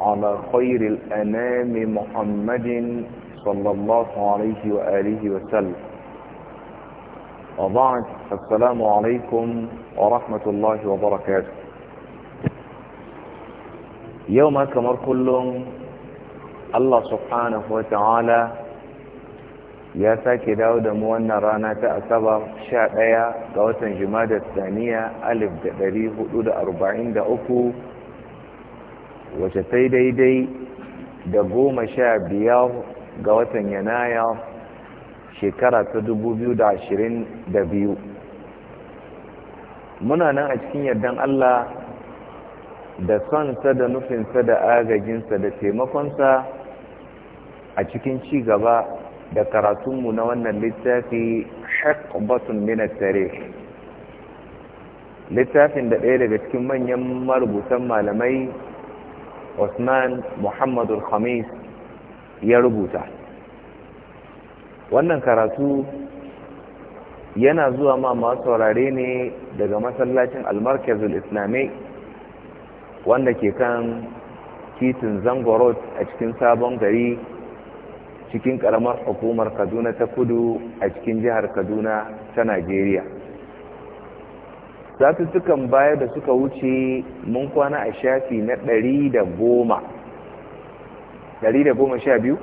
على خير الأنام محمد صلى الله عليه وآله وسلم وبعد السلام عليكم ورحمة الله وبركاته يوم كمر كلهم الله سبحانه وتعالى يا ساكي داود موانا رانا تأسبر rana قوة جمادة الثانية ألف دريه watan jimada saniya alif wace sai daidai da goma sha biyar ga watan yanaya shekara ta dubu biyu da ashirin da biyu muna nan a cikin yardan Allah da sonsa da nufinsa da agajinsa da taimakonsa a cikin ci gaba da karatunmu na wannan littafi shakbatun minatare littafin da ɗaya daga cikin manyan marubutan malamai Usman Muhammadu Khamis ya rubuta wannan karatu yana zuwa ma masu saurare ne daga masallacin almarkazul islami wanda ke kan titin zangorod a cikin sabon gari cikin karamar hukumar kaduna ta kudu a cikin jihar kaduna ta najeriya satuttukan baya da suka wuce mun kwana a shafi na ɗari da goma ɗari da goma sha biyu?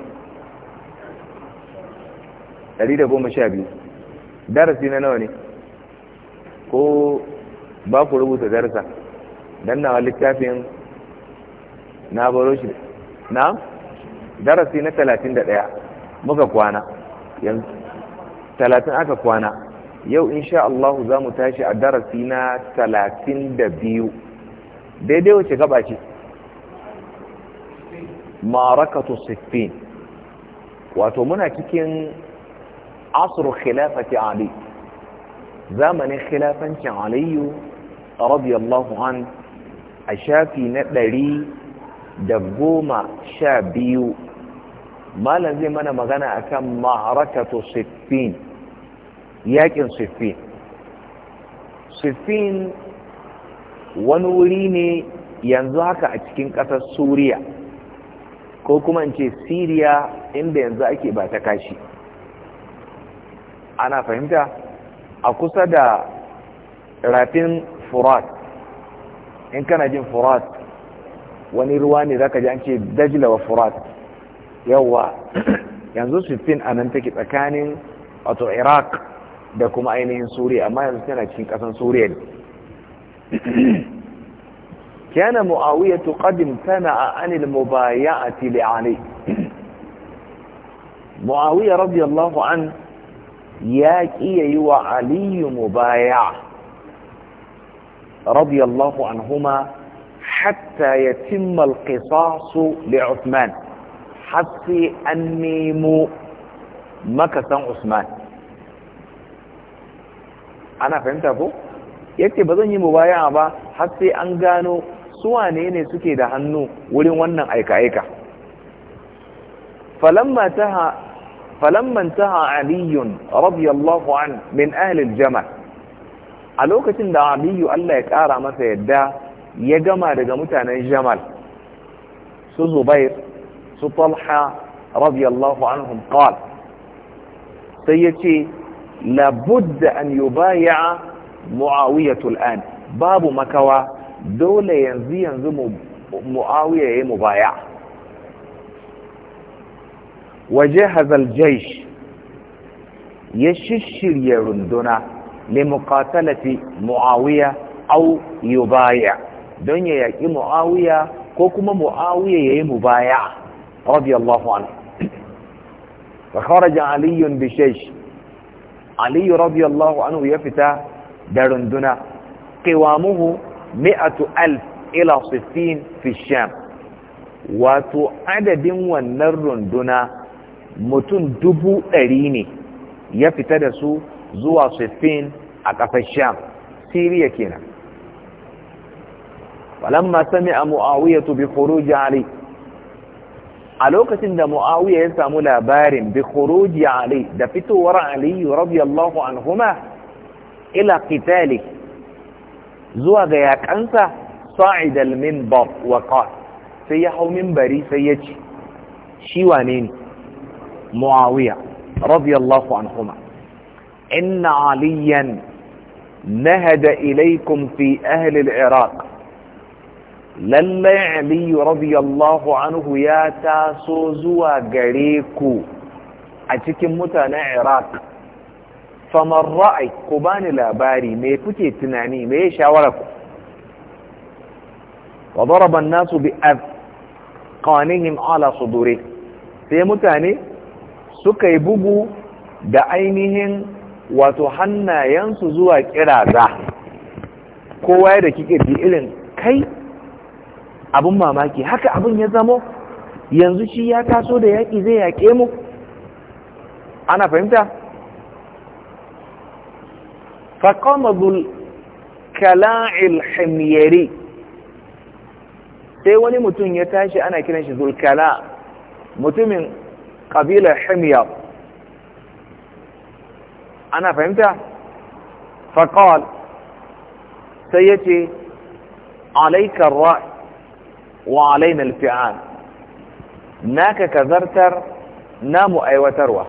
ɗari da goma sha biyu darasi na nawa ne ko ba ku rubuta darasa don nawa littafin na baro shi na darasi na talatin da ɗaya muka kwana yanzu talatin aka kwana yau insha Allah za mu tashi a darasi na talatin da biyu daidai wace gaba ce marakatu sifin. wato muna cikin asirin khilafati ali zamanin khilafancin aliyu radiyallahu an a shafi na ɗari da goma sha biyu malam zai mana magana akan marakatu siffin Yaƙin siffin siffin wani wuri ne yanzu haka a cikin ƙasar suriya ko kuma in ce siriya inda yanzu ake ba ta kashi ana fahimta a kusa da rafin furat in kana jin furat wani ruwa ne zaka ji an ce dajila wa furat yauwa yanzu siffin a nan take tsakanin wato iraq da kuma ainihin suriya amma yanzu tana cikin kasan suriya ne kana muawiya qadim tana an al-mubaya'ati li ali muawiya radiyallahu an ya kiya wa ali mubaya radiyallahu an huma hatta yatimma al-qisas li uthman hatta annimu makasan usman ana fahimta ko yace ba zan yi mu baya ba har sai an gano su wane ne suke da hannu wurin wannan aika-aika Falammantaha falamman taha aliyun radiyallahu an min ahlil jama a lokacin da aliyu Allah ya kara masa yadda ya gama daga mutanen jamal su zubair su talha radiyallahu anhum qal sai yace لابد أن يبايع معاوية الآن باب مكوى دولة ينزي ينزي معاوية إيه مبايع وجهز الجيش يششر يرندنا لمقاتلة معاوية أو يبايع دنيا يأتي معاوية كوكما معاوية إيه مبايع رضي الله عنه فخرج علي بشيش علي رضي الله عنه يفتى دارندنا قوامه مئة ألف إلى ستين في الشام واتو عدد ونرندنا متون دبو أريني يفتى دسو زوا ستين أكف الشام سيريا كينا فلما سمع معاوية بخروج عليه a lokacin da muawiya ya samu labarin bi khuruji ali da fitowar ali radiyallahu anhuma ila qitali zuwa ga yakansa sa'id al-minbar wa qala sai ya hau minbari sai ya ce shi wane ne muawiya radiyallahu anhuma inna aliyan nahada ilaykum fi ahli al-iraq lallai aliyu radiyallahu anhu ya taso zuwa gare ku a cikin mutanen iraq famar ra'ai ku bani labari me kuke tunani me shawara ku wa daraban nasu bi afqanihim ala sudure sai mutane suka yi bugu da ainihin wato hannayensu zuwa kiraza kowa ya da kike irin kai abin mamaki haka abin ya zamo yanzu shi ya taso da yaƙi zai yaƙe mu ana fahimta faƙamazul kala'il hamiyari sai wani mutum ya tashi ana kiran shi zulkala mutumin ƙabilar hamiyar ana fahimta faƙal sai ya ce alaikar ra'i wa alaina alfi'al naka kazartar namu aiwatarwa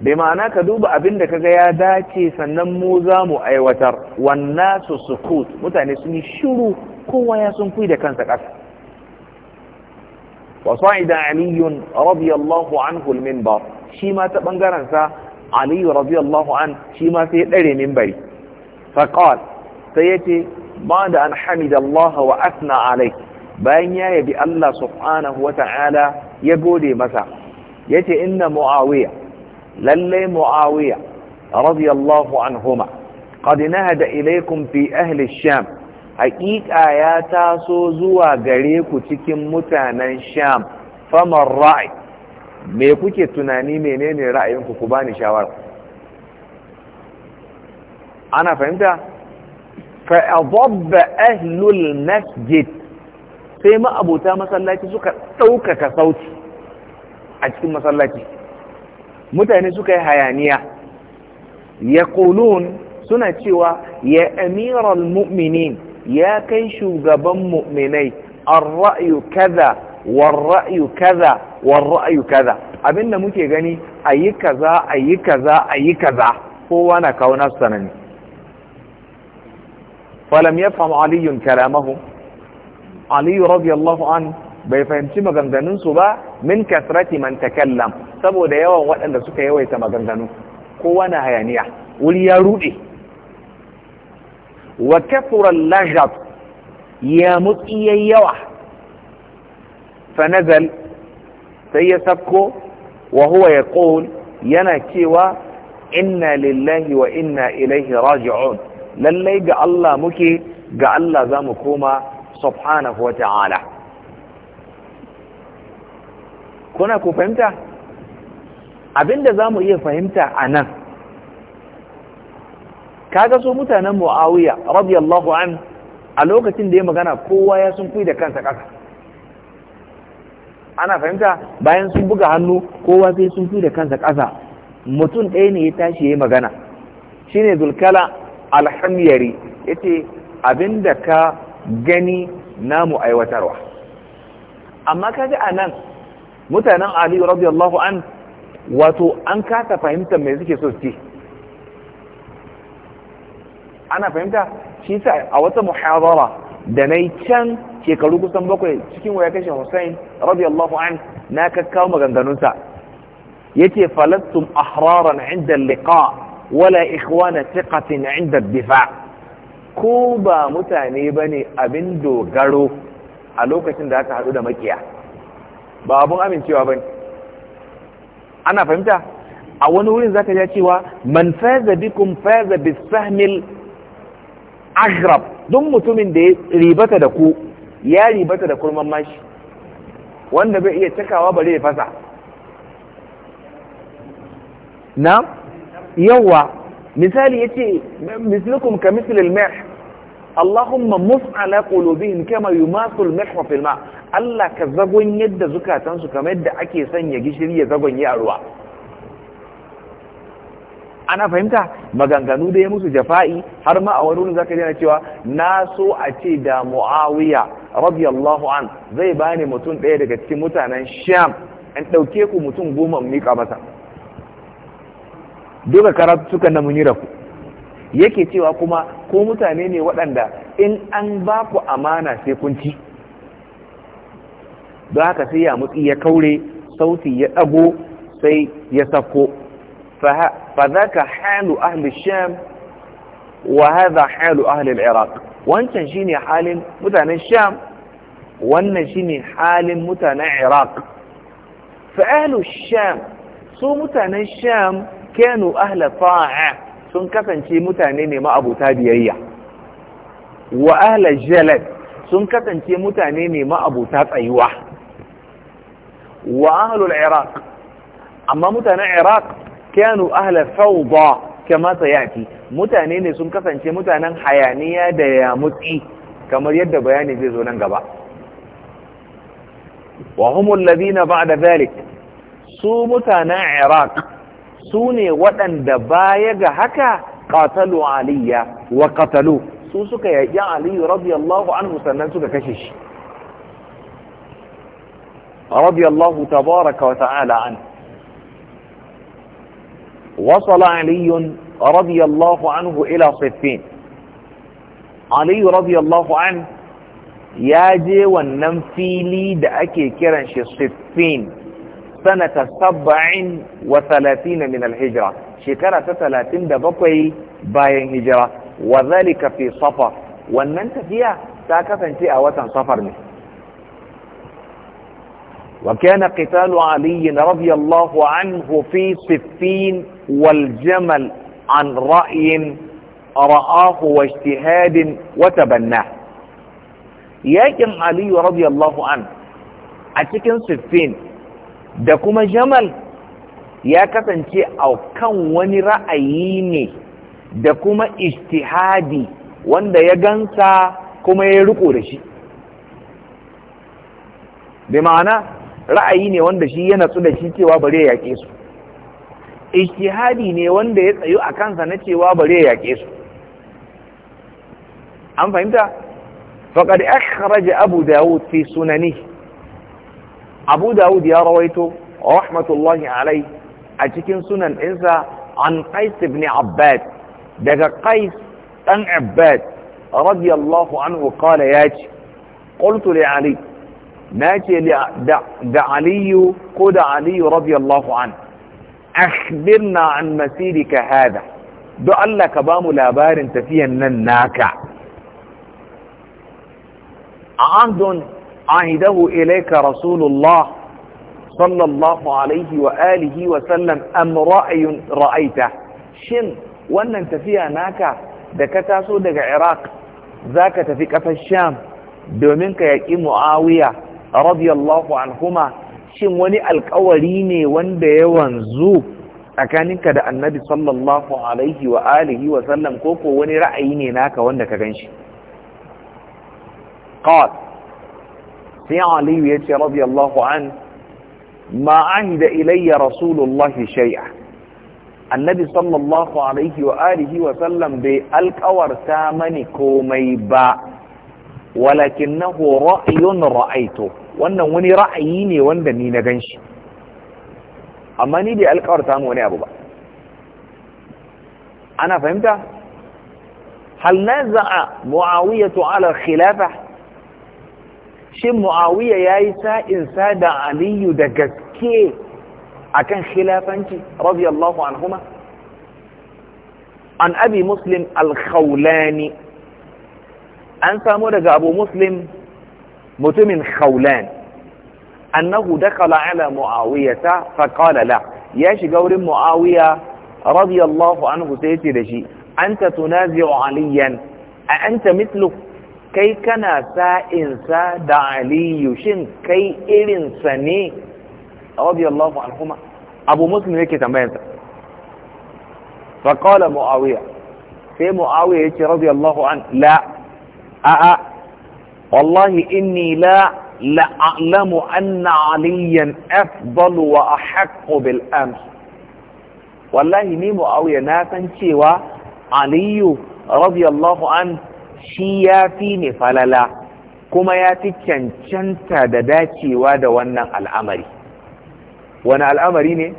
bai ma'ana ka duba abin da kaga ya dace sannan mu za mu aiwatar wannan su sukut mutane sun yi shiru kowa ya sun da kansa ƙasa وصعد علي رضي الله عنه المنبر شيما تبنغران سا علي رضي الله عنه شيما سيدري منبري فقال سيتي ba da an allah wa asna alai bayan ya yabi Allah subhanahu wa ta'ala ya gode masa yace inna muawiya lallai muawiya radiyallahu anhuma qad nahada ilaykum fi ahli sham haqiqa ya taso zuwa gare ku cikin mutanen sham famar ra'i me kuke tunani menene ra'ayinku ku bani shawara ana fahimta فأضب أهل المسجد سيما أبو تام صلاتي سكا توكك صوتي أجتم صلاتي متعني سكا هيانية يقولون سنة شوى يا أمير المؤمنين يا كيشو غبا مؤمني الرأي كذا والرأي كذا والرأي كذا abinda muke gani ayi kaza ayi kaza ayi kaza kowa na kawo nasu sanani فلم يفهم علي كلامه علي رضي الله عنه بيفهم بيفهمش مغنغنون سبا من كثرة من تكلم سبو دا يوان وقال لسوك يوان يتمغنغنون قوانا هيانيا وليارودي وكثر اللغط يا مطئي يوا فنزل سي سبكو وهو يقول ينا إنا لله وإنا إليه راجعون lallai ga Allah muke ga Allah za mu koma subhanahu wa ta'ala kuna ku fahimta abinda za mu iya fahimta a nan kaga so mutanen mu'awiya radiyallahu an a lokacin da ya magana kowa ya sun da kansa ƙasa ana fahimta bayan sun buga hannu kowa sai sun da kansa ƙasa mutum ɗaya ne ya tashi ya magana shine zulkala alhamyari yace abinda ka gani namu aiwatarwa amma kaji anan mutanen ali radiyallahu an wato an kasa fahimta mai suke so ce ana fahimta shi sa a wata muhawara da na can shekaru kusan bakwai cikin waya kashe hussein radiyallahu an na kakkawo maganganunsa yace falattum ahraran inda liqa wala ikwana thiqatin inda bifa. ko ba mutane ne abin dogaro a lokacin da aka hadu da makiya ba abin amincewa ne. ana fahimta a wani wurin zaka ya cewa man faza bikum faza bisahmil aghrab duk mutumin da ya ribata da ku ya ribata da kurman mashi wanda bai iya cakawa bare ya fasa na yawa misali yace mislukum ka mislil mih Allahumma mus qulubihim kama yumasu al-mih ma Allah ka zagon yadda zukatan su kamar yadda ake sanya gishiri ya zagon ya ruwa ana fahimta maganganu da ya musu jafa'i har ma a wani wurin zaka jana cewa na so a ce da Muawiya radiyallahu an zai bani mutum ɗaya daga cikin mutanen Sham an ɗauke ku mutum goma mika masa duka karatu suka na munira ku yake cewa kuma ko mutane ne waɗanda in an ba ku amana sai kun ci don haka sai ya mutsi ya kaure sauti ya ɗago sai ya sako fa za ka halu ahli sham wa haza halu ahli iraq wancan shine halin mutanen sham wannan shine halin mutanen iraq fa ahlu sham su mutanen sham Kenu ahla ta'a sun kasance mutane ne ma'abuta biyayya wa ahla jalad sun kasance mutane ne ma'abuta tsayuwa wa ahlul iraq amma mutanen iraq Kenu ahla fawda kama sayati mutane ne sun kasance mutanen hayaniya da yamutsi kamar yadda bayani zai zo nan gaba wa humul ladina ba'da zalik su mutanen iraq su ne waɗanda baya ga haka ƙatalu aliyya wa ƙatalu su suka yaƙi aliyu radiyallahu anhu sannan suka kashe shi radiyallahu tabaraka wa ta'ala an وصل علي رضي الله عنه إلى صفين علي رضي الله عنه ya je wannan fili da ake kiran shi siffin سنة سبع وثلاثين من الهجرة شكرة ثلاثين دا بطي باين هجرة وذلك في صفا وان فيها تاكفا انت اواتا صفر منه وكان قتال علي رضي الله عنه في صفين والجمل عن رأي رآه واجتهاد وتبناه يكن علي رضي الله عنه اتكن صفين da kuma jamal ya kasance a kan wani ra'ayi ne da kuma istihadi wanda ya gansa kuma ya riko da shi bi ma'ana ra'ayi ne wanda shi ya natsu da shi cewa bare ya yaƙe su istihadi ne wanda ya tsayu a kansa na cewa bare ya yaƙe su an fahimta faƙar akhraja abu dawud fi sunani abu dawud ya rawaito rahmatullahi alai a cikin sunan ɗinsa an qais ibn abbad daga qais dan abbad radiyallahu anhu qala yace qultu li ali nace da aliyu ko da aliyu radiyallahu an akhbirna an masirika hada do Allah ka bamu labarin tafiyan nan naka a ahdun ahidahu ilayka rasulullah sallallahu alaihi wa wa sallam am ra'ayun ra'aita shin wannan tafiya naka da ka taso daga iraq zaka tafi kasar sham domin ka yaƙi muawiya radiyallahu anhuma shin wani alƙawari ne wanda ya wanzu tsakaninka da annabi sallallahu alaihi wa wa sallam ko ko ra'ayi ne naka wanda ka ganshi qala sai aliyu ya ce radiyallahu an ma ahida ilayya rasulullahi shay'a annabi sallallahu alaihi wa alihi wa sallam bai alkawarta mani komai ba walakinahu ra'yun ra'aitu wannan wani ra'ayi ne wanda ni na ganshi amma ni bai alkawarta mu wani abu ba ana fahimta hal naza'a muawiyatu ala khilafah shin muawiya yayi sa'in sa da aliyu da gaske akan khilafanci radiyallahu anhuma an abi muslim al-khawlani an samu daga abu muslim mutumin khawlan annahu dakala ala muawiyata fa qala la ya shiga wurin muawiya radiyallahu anhu sai yace da shi anta tunazi'u aliyan a ta mitluk. kai kana sa'insa da aliyu shin kai irinsa ne a wabiyallahu al'umma abu muslim yake tambayansa faƙala mu'awiya sai mu'awiya yake Allah an la a a wallahi inni la la'alamu anna aliyan afdal wa ahaqqu bil amr wallahi ni mu'awiya na san cewa aliyu Allah an shi ya fi ne falala kuma ya fi cancanta da dacewa da wannan al'amari wani al'amari ne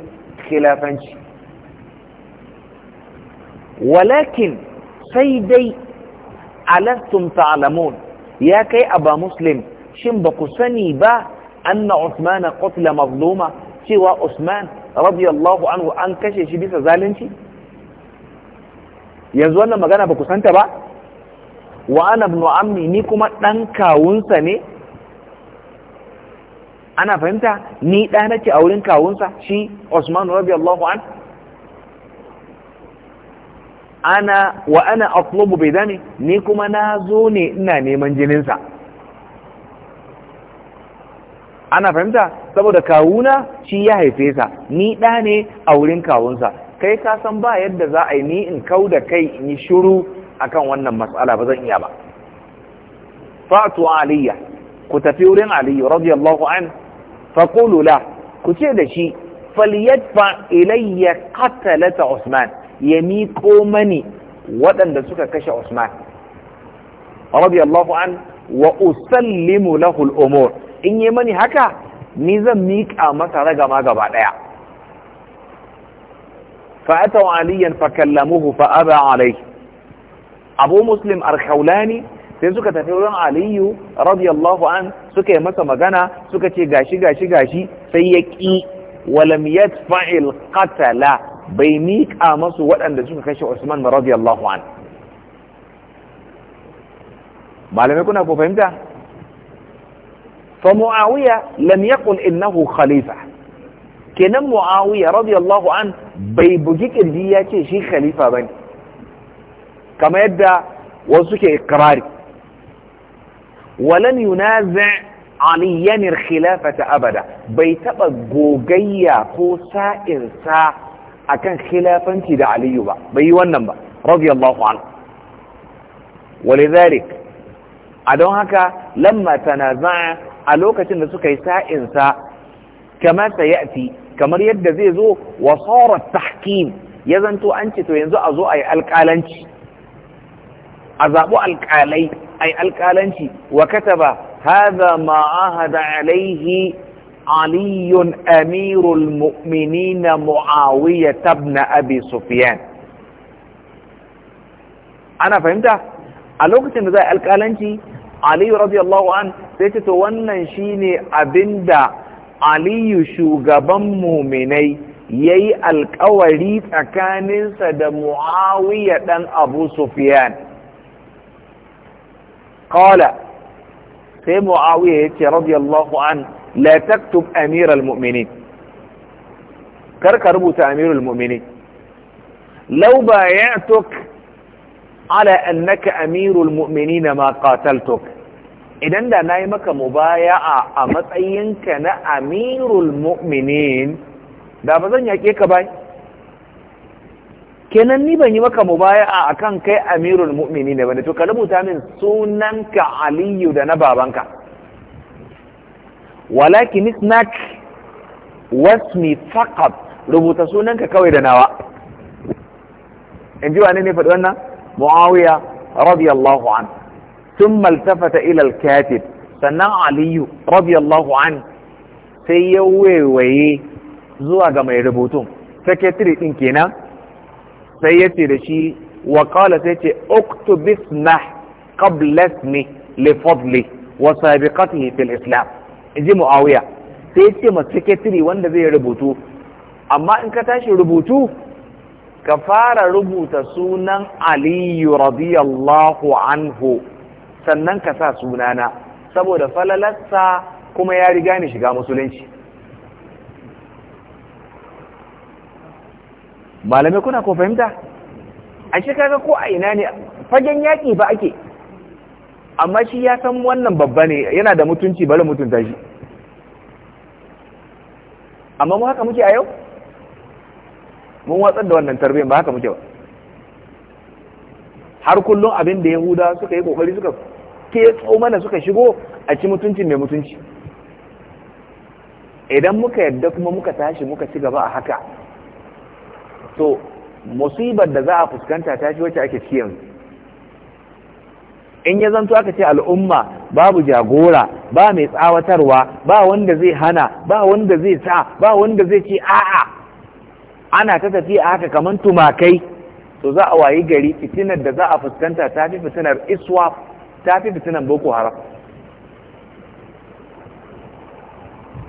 khilafanci walakin sai dai alastum ta'lamun ya kai aba muslim shin ba ku sani ba anna usman qatla mazluma cewa usman radiyallahu anhu an kashe shi bisa zalunci yanzu wannan magana ba ku santa ba wa ana ibn ammi ni kuma ɗan kawunsa ne ana fahimta ni ɗa nake a wurin kawunsa shi Osman rabi Allahu an ana wa ana bai zane ni kuma na zo ne ina neman jininsa ana fahimta saboda kawuna shi ya haife sa ni ɗa ne a wurin kawunsa kai ka san ba yadda za a yi ni in kau da kai in yi shiru akan wannan mas'ala ba zan iya ba fa'tu aliya ku tafi wurin ali radiyallahu an fa qulu la ku ce da shi falyadfa ilayya qatalata usman ya ko mani wadanda suka kashe usman radiyallahu an wa usallimu lahu al-umur in yi mani haka ni zan miƙa masa ragama gaba ɗaya فأتوا عليا فكلموه فأبى عليه abu muslim arkaulani sai suka tafi wurin aliyu radiyallahu an suka yi masa magana suka ce gashi gashi gashi sai ya ƙi walam yadfa'il qatala bai miƙa masu waɗanda suka kashe usman radiyallahu an malamai kuna ko fahimta fa muawiya lam yaqul innahu khalifa kenan muawiya radiyallahu an bai bugi kirji ya ce shi khalifa bane kama yadda wasu ke ikrari walan yunazi' aliyanin khilafata abada bai taɓa gogayya ko sa'irsa akan khilafanci da aliyu ba bai yi wannan ba radiyallahu anhu walidhalik a don haka lamma tanaza'a a lokacin da suka yi sa'insa kama sayati kamar yadda zai zo wa sara tahkim ya zanto an ce to yanzu a zo a yi alƙalanci a zaɓi alƙalai ai alƙalanci wa kataba hadha ma ahada alaihi aliyun amirul mu'minina muawiya tabna abi sufyan ana fahimta a lokacin da za a alƙalanci aliyu radiyallahu an sai ce to wannan shine abinda aliyu shugaban muminai ya yi alkawari tsakaninsa da muawiya ɗan abu sufyan قال في معاوية رضي الله عنه لا تكتب أمير المؤمنين كرك ربوت أمير المؤمنين لو بايعتك على أنك أمير المؤمنين ما قاتلتك إذا دا نايمك مبايعة أمطينك أمير المؤمنين دا بذن يكيك باي kenan ni ban yi maka mubaya'a akan kai amirul mu'mini ne bane to ka rubuta min sunanka aliyu da na babanka walakin isnak wasmi faqat rubuta sunanka kawai da nawa in ji wane ne faɗi wannan muawiya radiyallahu an ثم التفت إلى الكاتب sannan aliyu radiyallahu an sai ya waiwaye zuwa ga mai rubutun secretary din kenan sai ya ce da shi wa sai ce uktubisna qabla ne li fadli wa sabiqatihi fil islam inji muawiya sai ya ce ma wanda zai rubutu amma in ka tashi rubutu ka fara rubuta sunan aliyu radiyallahu anhu sannan ka sa sunana saboda falalarsa kuma ya riga ni shiga musulunci malamai kuna ko fahimta a shi kaga ko a ina ne fagen yaƙi ba ake amma shi ya san wannan babba ne yana da mutunci bari mutunta shi amma mu haka muke a yau mun watsar da wannan tarbiyyar ba haka muke ba har kullum abin da yahuda suka yi kokari suka ke mana suka shigo a ci mutunci mai mutunci idan muka yadda kuma muka tashi muka ci gaba a haka to musibar da za a fuskanta ta shi wacce ake ciyan in ya zanto aka ce al'umma babu jagora ba mai tsawatarwa ba wanda zai hana ba wanda zai sa ba wanda zai ce a'a ana ta tafiya haka kamar tumakai to za a wayi gari fitinar da za a fuskanta ta fi fitinar iswa ta fi fitinar boko haram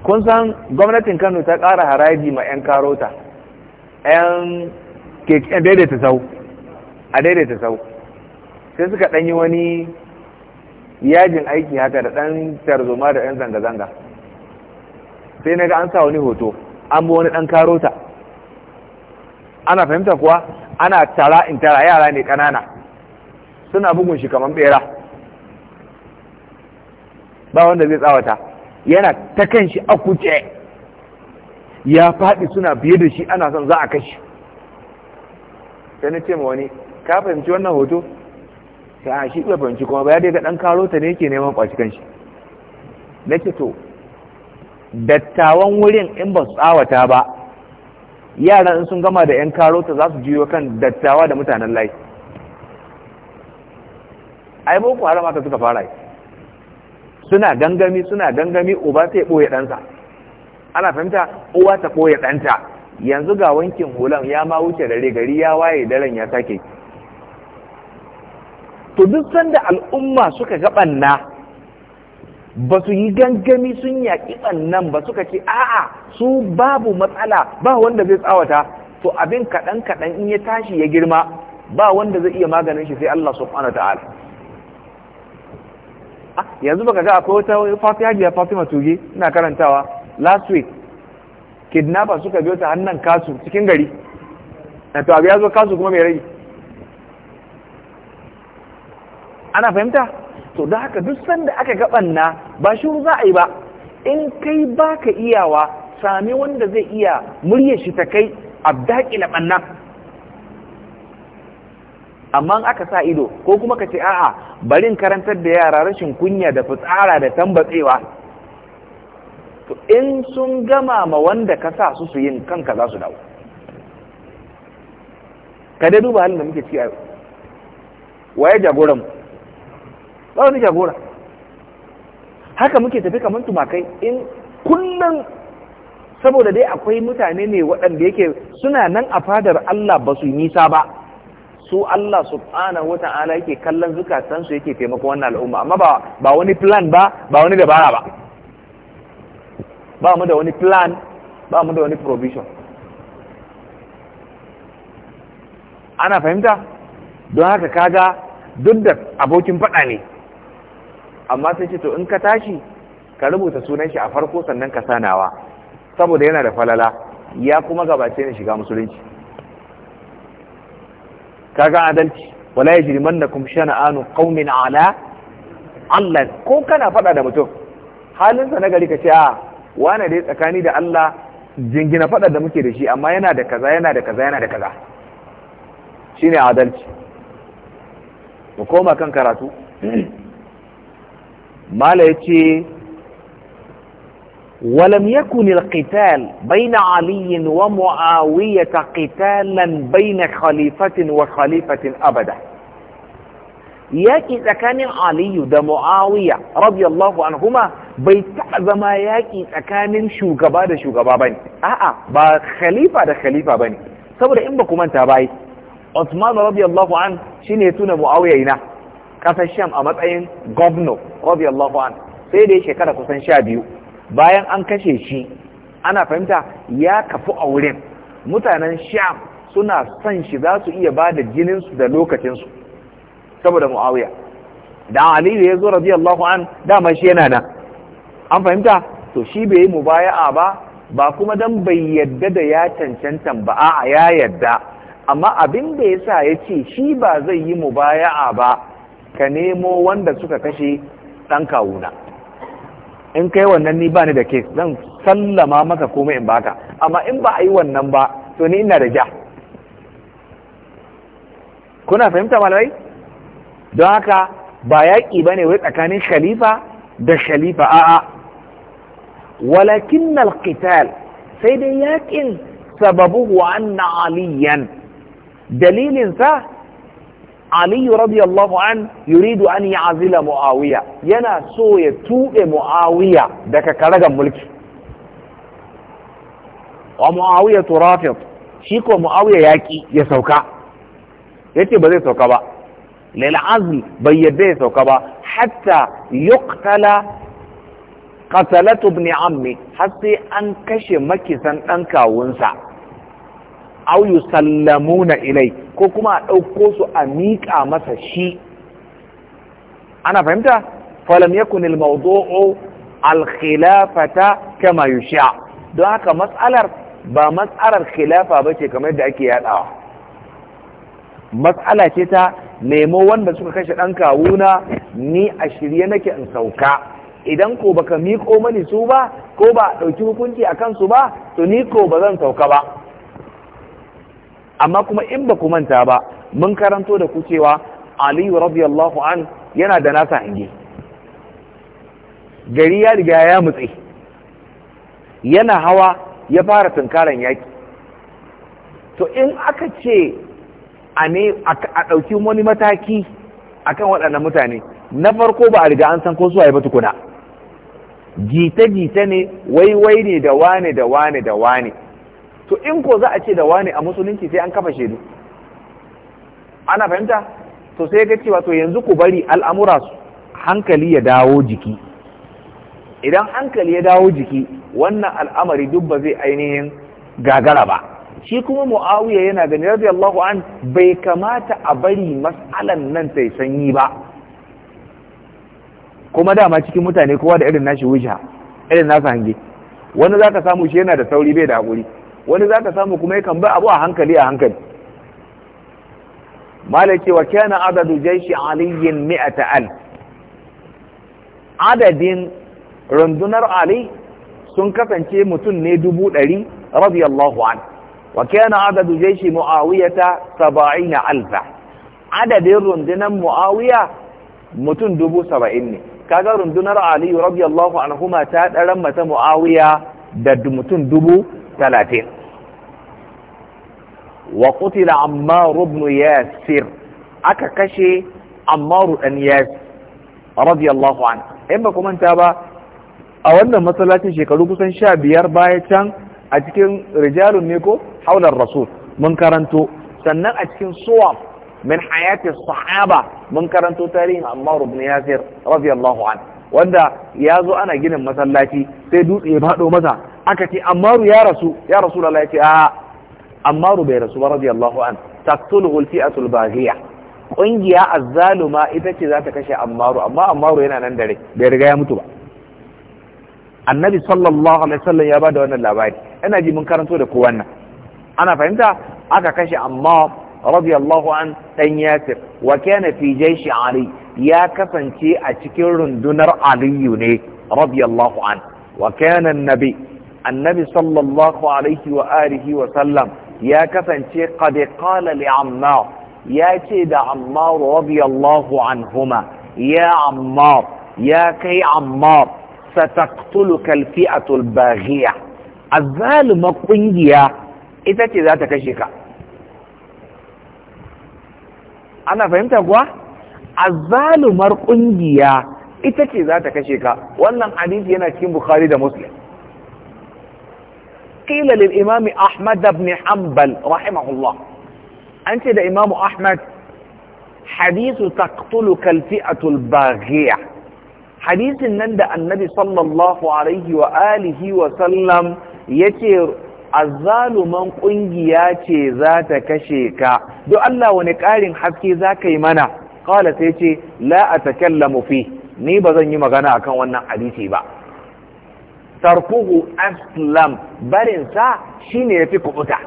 kun san gwamnatin kano ta ƙara haraji ma 'yan karota 'yan keken daidaita sau a daidaita sau sai suka ɗanyi wani yajin aiki haka da ɗan tarzoma da ɗan zanga-zanga sai na ga an sa wani hoto an bi wani ɗan karota ana fahimta kuwa ana tara in tara yara ne ƙanana suna bugun shi kamar ɓera ba wanda zai tsawata yana ta kan shi a kuce ya faɗi suna biye da shi ana son za a kashi sai na ce ma wani ka fahimci wannan hoto ta shi ba fahimci kuma ba ya daga ɗan karo ta ne ke neman ƙwaci kanshi na ce to dattawan wurin in ba su tsawata ba yaran in sun gama da 'yan karota za su juyo kan dattawa da mutanen lai ai boko haram haramata suka fara suna gangami suna gangami uba sai ɓoye ɗansa ana fahimta uwa ta koya ɗanta yanzu ga wankin hulan ya ma wuce dare gari ya waye daren ya sake to duk sanda al'umma suka ga ɓanna ba su yi gangami sun yaƙi ɓannan ba suka ce a'a su babu matsala ba wanda zai tsawata to abin kaɗan kaɗan in ya tashi ya girma ba wanda zai iya maganin shi sai Allah subhanahu wa ta'ala ah, yanzu baka ga akwai wata Fatiha da Fatima Tuge ina karantawa last week kidnapper suka biyo ta hannun kasu cikin gari na to abu ya zo kasu kuma mai rage ana fahimta to da haka duk sanda aka na, ba shi za a yi ba in kai ba ka iyawa sami wanda zai iya murya shi ta kai abdaƙila banna amma aka sa ido ko kuma ka ce a'a barin karantar da yara rashin kunya da fitsara da tambatsewa in sun gama ma wanda ka sa su su yin kanka za su dawo ka dai duba halin da muke ciki a yau waye jagoran mu ba wani jagora haka muke tafi kamar tumakai in kullum saboda dai akwai mutane ne waɗanda yake suna nan a fadar Allah ba su nisa ba su Allah subhanahu wa ta'ala yake kallon zukatansu yake taimako wannan al'umma amma ba wani plan ba ba wani dabara ba ba mu da wani plan ba mu da wani provision ana fahimta don haka kaga duk da abokin faɗa ne amma sai ce to in ka tashi ka rubuta sunan shi a farko sannan ka sanawa saboda yana da falala ya kuma gabace ne shiga musulunci kaga adalci wala yajrimannakum anu qaumin ala Allah ko kana faɗa da mutum halinsa na gari ka ce a ah, wane dai tsakani da Allah jingina faɗar da muke da shi amma yana da kaza yana da kaza yana da kaza shine adalci mu koma kan karatu mala yace ولم يكن القتال بين علي ومعاوية قتالا بين خليفة وخليفة أبدا yaƙi tsakanin aliyu da mu'awiya radiyallahu anhuma bai taɓa zama yaƙi tsakanin shugaba da shugaba bane a'a ba khalifa da khalifa bane saboda in ba ku manta bai Usman radiyallahu an shine tuna mu'awiya ina ƙasar Sham a matsayin governor radiyallahu an sai da ya shekara kusan sha biyu bayan an kashe shi ana fahimta ya kafu a wurin mutanen Sham suna son shi za su iya ba da jininsu da lokacinsu saboda muawiya da aliyu ya zo radiyallahu an dama shi yana nan an fahimta to shi bai yi mubaya'a ba ba kuma dan bai yadda da ya cancanta ba a ya yadda amma abin da ya sa ya ce shi ba zai yi mubaya'a ba ka nemo wanda suka kashe ɗan kawuna in kai wannan ni ba ni da kes zan sallama maka komai in baka amma in ba a yi wannan ba to ni ina da ja kuna fahimta malamai don haka ba yaƙi ba ne wai tsakanin khalifa da khalifa a'a walakin alqital sai dai yaƙin wa anna aliyan dalilinsa aliyu radiyallahu an yuridu an ya'zila muawiya yana so ya tuɓe muawiya daga karagan mulki wa muawiya turafid shi ko muawiya yaƙi ya sauka yace ba zai sauka ba lil azm bai yarda ya sauka ba hatta yuqtala qatalatu ibn ammi har sai an kashe makisan ɗan kawunsa aw yusallamuna ilai ko kuma a ɗauko su a miƙa masa shi ana fahimta falam yakun al mawdu'u al khilafata kama yusha don haka matsalar ba matsalar khilafa ce kamar da ake yadawa matsala ce ta nemo wanda suka kashe ɗan kawuna ni a shirye nake in sauka idan ko baka miƙo mani su ba ko ba a ɗauki hukunci a kansu ba to ni ko ba zan sauka ba amma kuma in ba ku manta ba mun karanto da ku cewa aliyu radiyallahu an yana da nasa hange gari ya riga ya mutse yana hawa ya fara tunkaran yaki to in aka ce a ne a ɗauki wani mataki akan waɗannan mutane na farko ba a riga an san ko su ba tukuna jita-jita ne waiwai ne da wane da wane da wane to in ko za a ce da wane a musulunci sai an kafa shaidu ana fahimta to sai ga cewa to yanzu ku bari al'amura su hankali ya dawo jiki idan hankali ya dawo jiki wannan al'amari duk ba zai ainihin gagara ba shi kuma mu'awiya yana gani radiyallahu an bai kamata a bari mas'alan nan ta sanyi ba kuma dama cikin mutane kowa da irin nashi wuja irin nasa hange wani zaka samu shi yana da sauri bai da hakuri wani zaka samu kuma yakan bi abu a hankali a hankali malaki wa kana adadu jaishi aliyin mi'ata al adadin rundunar ali sun kasance mutum ne dubu ɗari radiyallahu anhu wa kana adadu jaishi muawiyata 70 alfa adadin rundunar muawiya mutum dubu saba'in ne kaga rundunar aliyu radiyallahu anhuma ta ɗaran mata muawiya da mutum dubu talatin wa qutila ammar ibn yasir aka kashe ammar dan yasir radiyallahu anhu in ba kuma ta ba a wannan masallacin shekaru kusan sha biyar baya can a cikin rijalun ne ko haular rasul mun karanto sannan a cikin suwaf min hayati sahaba mun karanto tarihin Ammar ibn Yasir radiyallahu an wanda ya zo ana ginin masallaci sai dutse ya fado masa aka ce Ammaru ya rasu ya Rasulullahi ce a Ammaru bai rasu ba radiyallahu an taqtuluhu al-fi'atul baghiya kungiya azzaluma ita ce za ta kashe Ammaru amma Ammaru yana nan dare bai riga ya mutu ba Annabi sallallahu alaihi wasallam ya bada wannan labari ina ji mun karanto da ku ana fahimta aka kashe amma radiyallahu an dan yasir wa kana fi jaishi ali ya kasance a cikin rundunar aliyu ne radiyallahu an wa kana annabi annabi sallallahu alaihi wa alihi wa sallam ya kasance qad qala li amma ya ce da ammar radiyallahu anhuma ya amma ya kai amma ستقتلك الفئة الباغية azzaluma kungiya ita ce za ta kashe ka ana fahimta kuwa azzalumar kungiya ita ce za ta kashe ka wannan hadisi yana cikin bukhari da muslim qila lil imam ahmad ibn hanbal rahimahullah an ce da imam ahmad hadithu taqtuluka al fi'atu al baghiya hadisin nan da annabi sallallahu alaihi wa alihi wa sallam yace azzaluman ƙungiya ce za ta kashe ka don Allah wani ƙarin haske za ka yi mana ƙala sai ce la a takallamu fi ni ba zan yi magana akan wannan hadisi ba tarkuhu aslam barinsa shine fi kubuta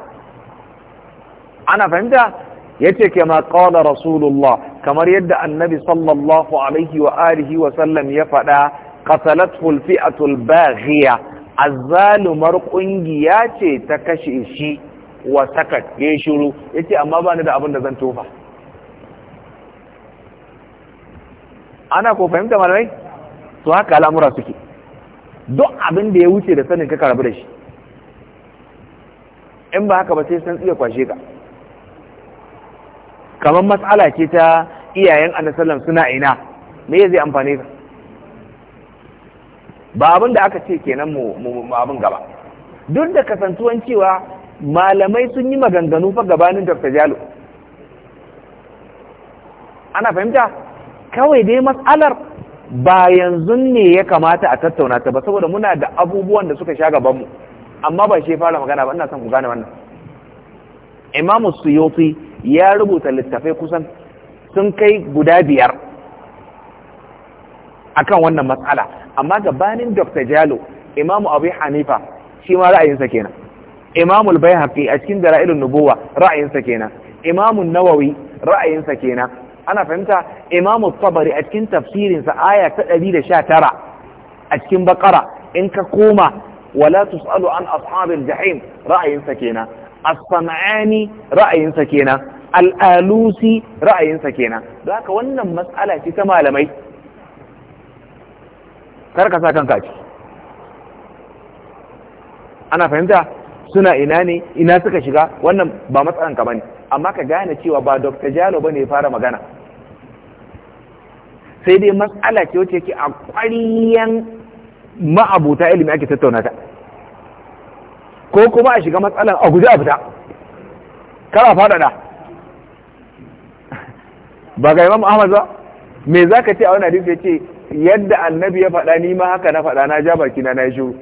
ana fahimta yace kama qala rasulullah kamar yadda annabi sallallahu alaihi wa alihi wa sallam ya faɗa qatalathu fulfi a al azzalumar ƙungiya ce ta kashe shi wa sakat ya yi shiru ya ce amma ba ni da abin da zan tofa ana ko fahimta malamai su haka al'amura suke Don abin da ya wuce da sanin ka karabu da shi in ba haka ba sai san iya kwashe ka kamar matsala ce ta iyayen annasallam suna ina me zai amfane ka ba abin da aka ce kenan mu abin gaba duk da kasantuwan cewa malamai sun yi maganganu fa gabanin dr jalo ana fahimta kawai dai matsalar ba yanzu ne ya kamata a tattauna ta ba saboda muna da abubuwan da suka sha gabanmu amma ba shi fara magana ba ina son ku gane wannan imamu suyoti ya rubuta littafai kusan sun kai guda biyar akan wannan matsala amma gabanin dr jalo imamu abu hanifa shi ma ra'ayinsa kenan imamu bayhaqi a cikin dara'ilun nubuwa ra'ayinsa kenan imamu nawawi ra'ayinsa kenan ana fahimta imamu tabari a cikin tafsirinsa aya ta da tara a cikin bakara in ka koma wala tusalu an ashabil jahim ra'ayinsa kenan as-sam'ani ra'ayinsa kenan al'alusi ra'ayinsa kenan da haka wannan mas'ala ce ta malamai kar ka sa kanka ciki ana fahimta suna ina ne ina suka shiga wannan ba matsalan ka bane amma ka gane cewa ba Dr. Jalo bane ya fara magana sai dai matsala ce wacce yake a ƙwariyan ma'abuta ilimi ake tattauna ta ko kuma a shiga matsalan a guji a fita kara faɗaɗa ba ga imam ahmad ba me za ka ce a wani hadisi ya ce yadda annabi ya faɗa ni ma haka na faɗa na ja baki na na shiru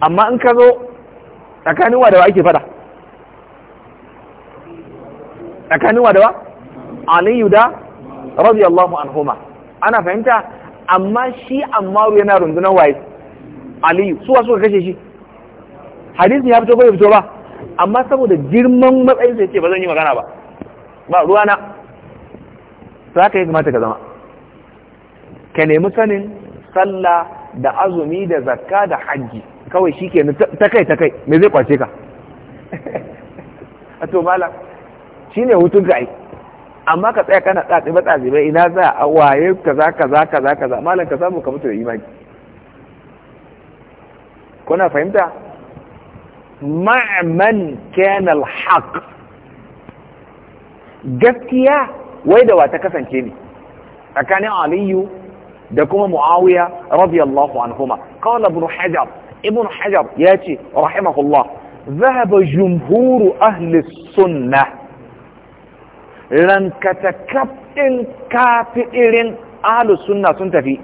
amma in ka zo tsakanin wa da wa ake faɗa tsakanin wa da wa aliyu da radiyallahu anhuma ana fahimta amma shi ammaru yana rundunar waye aliyu suwa suka kashe shi hadisi ya fito ko ya fito ba amma saboda girman matsayin ya ce ba zan yi magana ba ba ruwana za ka yi kamata ka zama ka nemi sanin sallah da azumi da zakka da hajji kawai shi ke ta kai ta kai me zai kwace ka a to mala shi ne hutun ka ai amma ka tsaya kana tsatsi ba tsatsi ba ina za a waye kaza kaza kaza kaza malam ka samu ka mutu da imani kuna fahimta ma'aman kana alhaq gaskiya wai da wata kasance ne tsakanin aliyu معاوية رضي الله عنهما قال ابن حجر ابن حجر ياتي رحمه الله ذهب جمهور أهل السنة لن كتكبتن كافئرين أهل السنة سنتفي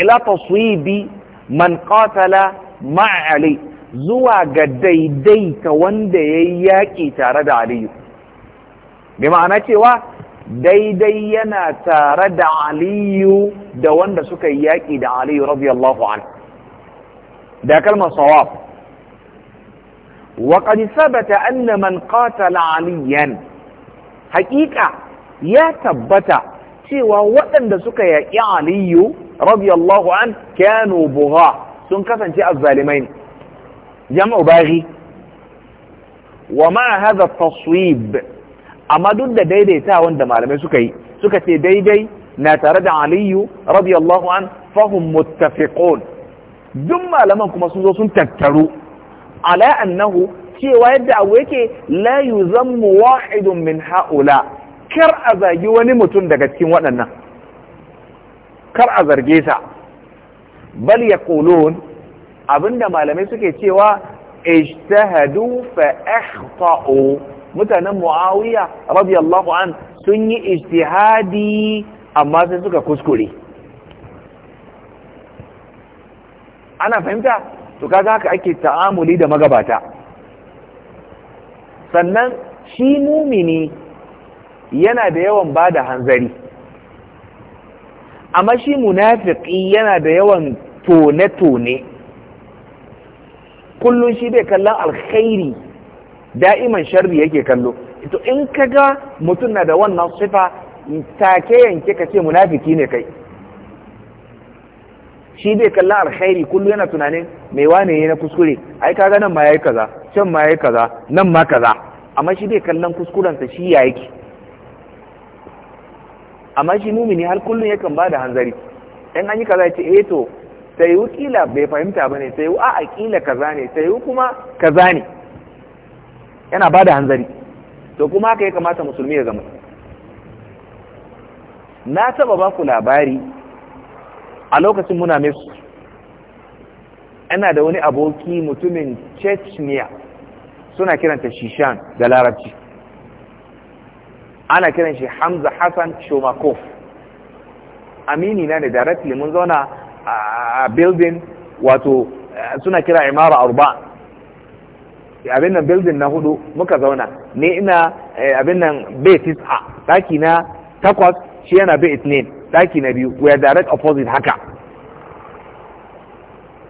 إلى تصويب من قاتل مع علي زوى قدي ديت واندي ياكي تارد علي بمعنى كوا daidai yana tare da aliyu da wanda suka yi yaƙi da aliyu radiyallahu an da kalmar sawab wa qad sabata anna man qatala aliyan haqiqa ya tabbata cewa waɗanda suka yaƙi aliyu radiyallahu an kanu bugha sun kasance azzalimain jam'u baghi wa ma hadha taswib amma duk da daidaita wanda malamai suka yi suka ce daidai na tare da aliyu radiyallahu an fahum muttafiqun duk malaman kuma sun zo sun tattaru ala annahu cewa yadda abu yake la yuzammu wahidun min haula kar a zagi wani mutum daga cikin waɗannan kar a zarge sa bal yaqulun abinda malamai suke cewa ijtahadu fa akhta'u mutanen muawiya radiyallahu an sun yi ijtihadi amma sai suka kuskure ana fahimta to kaga haka ake ta'amuli da magabata sannan shi mumini yana da yawan bada hanzari amma shi munafiki yana da yawan tone-tone kullum shi bai kallon alkhairi da'iman sharri yake kallo to in ka ga mutum na da wannan sifa take yanke ka ce munafiki ne kai shi bai kalla alkhairi kullum yana tunanin mai wane ne na kuskure ai ga nan ma yayi kaza can ma yayi kaza nan ma kaza amma shi bai kallon kuskurensa shi ya yake amma shi mumini har kullum yakan ba da hanzari in an yi kaza ce eh to sai kila bai fahimta bane sai a a kila kaza ne sai kuma kaza ne yana ba da hanzari to kuma haka ya kamata musulmi ya zama na taba ba ku labari a lokacin muna mesu ana da wani aboki mutumin chechnya suna kiranta shishan da larabci ana kiran shi hamza hassan shomakov amini na da directly mun zauna a building wato eh, suna kira imara arba abin nan building na hudu muka zauna ne ina eh, abin nan bay tis'a daki na takwas shi yana bay itnin daki na biyu we are direct opposite haka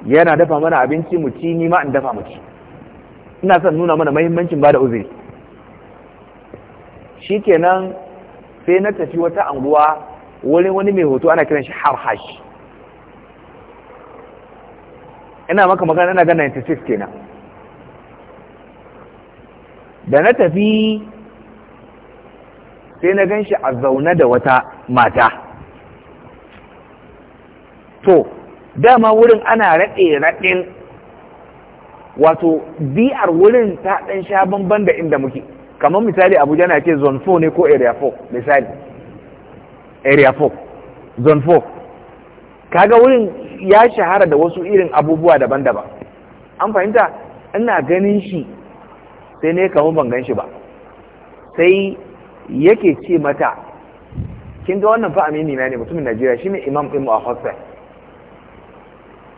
yana dafa mana abinci mu ci ni ma in dafa mu ina son nuna mana mahimmancin da uzuri kenan sai na tafi wata anguwa wani wani mai hoto ana kiran shi harhash ina maka magana ina ga 96 kenan da na tafi sai na gan shi a zaune da wata mata to dama wurin ana raɗe raɗin wato biyar wurin ta ɗan sha bamban da inda muke kamar misali abuja na ce zone 4 ne ko area 4 misali area 4 zone 4 kaga wurin ya shahara da wasu irin abubuwa daban-daban an fahimta ina ganin shi sai ne kamar ban gan shi ba sai yake ce mata kin ga wannan fa amini na ne mutumin Najeriya ne imam ɗin mu a hostel